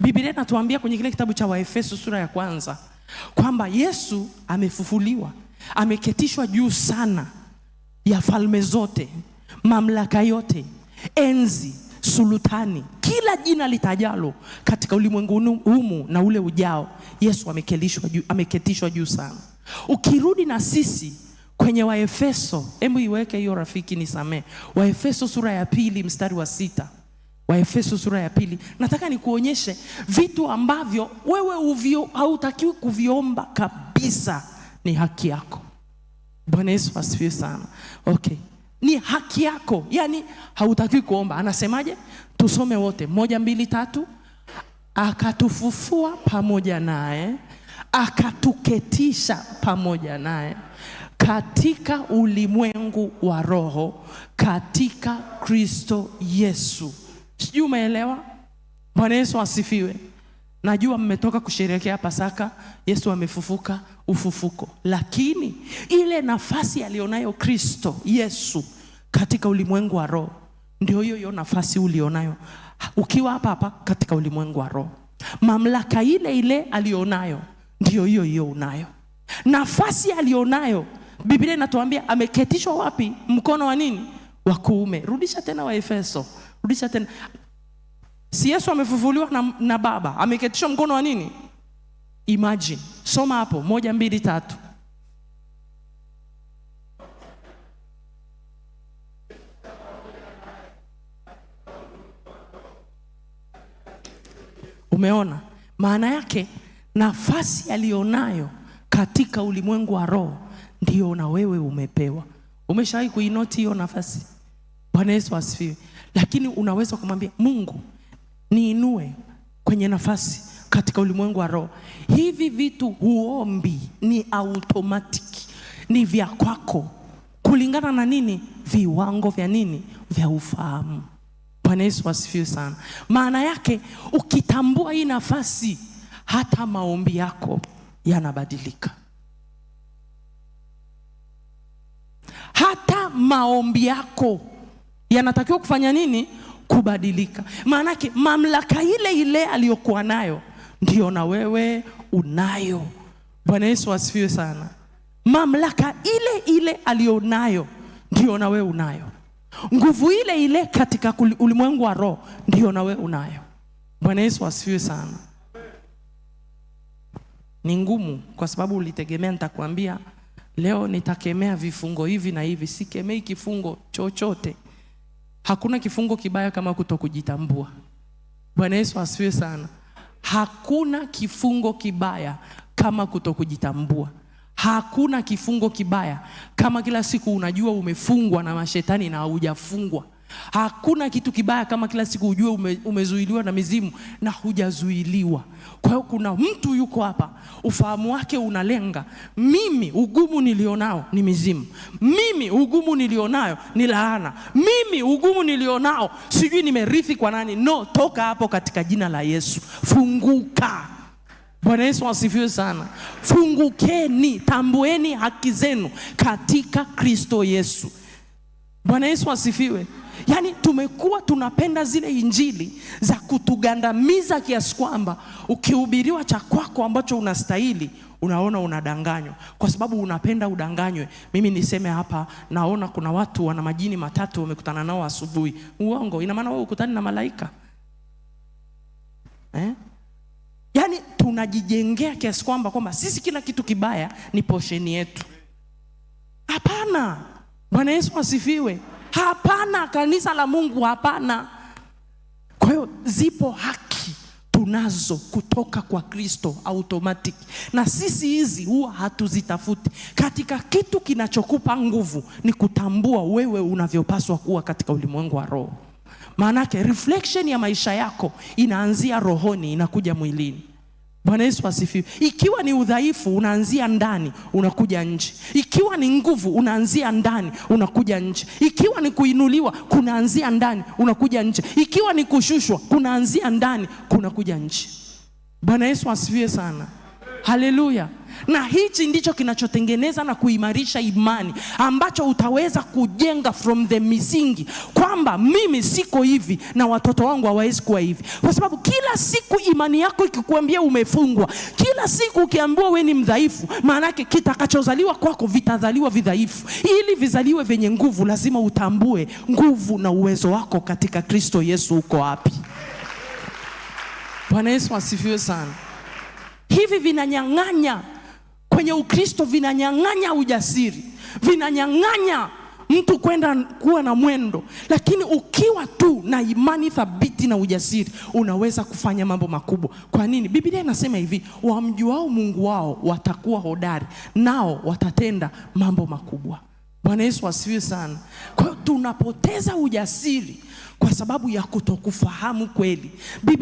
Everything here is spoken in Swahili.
Biblia inatuambia kwenye kile kitabu cha Waefeso sura ya kwanza kwamba Yesu amefufuliwa, ameketishwa juu sana ya falme zote, mamlaka yote, enzi, sultani, kila jina litajalo katika ulimwengu humu na ule ujao, Yesu ameketishwa juu sana. Ukirudi na sisi kwenye Waefeso, hebu iweke hiyo rafiki, nisamee. Waefeso sura ya pili mstari wa sita Waefeso sura ya pili, nataka nikuonyeshe vitu ambavyo wewe uvio, hautakiwi kuviomba kabisa. Ni haki yako. Bwana Yesu asifiwe sana. Okay, ni haki yako, yani hautakiwi kuomba. Anasemaje? Tusome wote, moja, mbili, tatu. Akatufufua pamoja naye, akatuketisha pamoja naye katika ulimwengu wa roho, katika Kristo Yesu Sijui umeelewa? Bwana Yesu asifiwe. Najua mmetoka kusherehekea Pasaka, Yesu amefufuka ufufuko, lakini ile nafasi alionayo Kristo Yesu katika ulimwengu wa roho ndio hiyo hiyo nafasi ulionayo ukiwa hapa hapa katika ulimwengu wa roho. Mamlaka ile ile alionayo ndio hiyo hiyo unayo. Nafasi alionayo, Biblia inatuambia ameketishwa wapi? Mkono wa nini? wa kuume. Rudisha tena Waefeso, rudisha tena. Si Yesu amefufuliwa na, na Baba, ameketishwa mkono wa nini? Imagine, soma hapo moja mbili tatu. Umeona maana yake, nafasi aliyonayo katika ulimwengu wa roho, ndio na wewe umepewa. Umeshawahi kuinoti hiyo nafasi? Bwana Yesu asifiwe. Lakini unaweza kumwambia Mungu, niinue kwenye nafasi katika ulimwengu wa roho. Hivi vitu huombi, ni automatic, ni vya kwako kulingana na nini? Viwango vya nini? Vya ufahamu. Bwana Yesu asifiwe sana. Maana yake ukitambua hii nafasi, hata maombi yako yanabadilika. hata maombi yako yanatakiwa kufanya nini? Kubadilika. Maanake mamlaka ile ile aliyokuwa nayo ndiyo na wewe unayo. Bwana Yesu asifiwe sana. Mamlaka ile ile aliyonayo ndiyo na wewe unayo. Nguvu ile ile katika ulimwengu wa roho ndiyo na wewe unayo. Bwana Yesu asifiwe sana. Ni ngumu kwa sababu ulitegemea nitakwambia Leo nitakemea vifungo hivi na hivi. Sikemei kifungo chochote. Hakuna kifungo kibaya kama kutokujitambua. Bwana Yesu asifiwe sana. Hakuna kifungo kibaya kama kutokujitambua. Hakuna kifungo kibaya kama kila siku unajua umefungwa na mashetani na haujafungwa. Hakuna kitu kibaya kama kila siku ujue ume, umezuiliwa na mizimu na hujazuiliwa. Kwa hiyo kuna mtu yuko hapa, ufahamu wake unalenga, mimi ugumu nilionao ni mizimu, mimi ugumu nilionayo ni laana, mimi ugumu nilionao sijui nimerithi kwa nani. No, toka hapo katika jina la Yesu, funguka. Bwana Yesu asifiwe sana. Fungukeni, tambueni haki zenu katika Kristo Yesu. Bwana Yesu asifiwe. Yaani tumekuwa tunapenda zile injili za kutugandamiza kiasi kwamba ukihubiriwa cha kwako ambacho unastahili unaona unadanganywa, kwa sababu unapenda udanganywe. Mimi niseme hapa, naona kuna watu wana majini matatu wamekutana nao asubuhi. Uongo. Ina maana wewe ukutani na malaika eh? Yaani tunajijengea kiasi kwamba kwamba sisi kila kitu kibaya ni posheni yetu. Hapana. Bwana Yesu asifiwe. Hapana, kanisa la Mungu, hapana. Kwa hiyo zipo haki tunazo kutoka kwa Kristo automatic, na sisi hizi huwa hatuzitafuti. Katika kitu kinachokupa nguvu ni kutambua wewe unavyopaswa kuwa katika ulimwengu wa roho. Maanake reflection ya maisha yako inaanzia rohoni, inakuja mwilini. Bwana Yesu asifiwe. Ikiwa ni udhaifu unaanzia ndani unakuja nje. Ikiwa ni nguvu unaanzia ndani unakuja nje. Ikiwa ni kuinuliwa kunaanzia ndani unakuja nje. Ikiwa ni kushushwa kunaanzia ndani kunakuja nje. Bwana Yesu asifiwe sana. Haleluya na hichi ndicho kinachotengeneza na kuimarisha imani ambacho utaweza kujenga from the misingi kwamba mimi siko hivi na watoto wangu hawawezi kuwa hivi, kwa sababu kila siku imani yako ikikuambia umefungwa, kila siku ukiambiwa we ni mdhaifu, maanake kitakachozaliwa kwako vitazaliwa vidhaifu. Ili vizaliwe vyenye nguvu, lazima utambue nguvu na uwezo wako katika Kristo Yesu. Uko wapi? Bwana Yesu asifiwe sana. Hivi vinanyang'anya kwenye Ukristo vinanyang'anya ujasiri, vinanyang'anya mtu kwenda kuwa na mwendo, lakini ukiwa tu na imani thabiti na ujasiri unaweza kufanya mambo makubwa. Kwa nini? Biblia inasema hivi, wamjuao Mungu wao watakuwa hodari, nao watatenda mambo makubwa. Bwana Yesu asifiwe sana. Kwa hiyo tunapoteza ujasiri kwa sababu ya kutokufahamu kweli.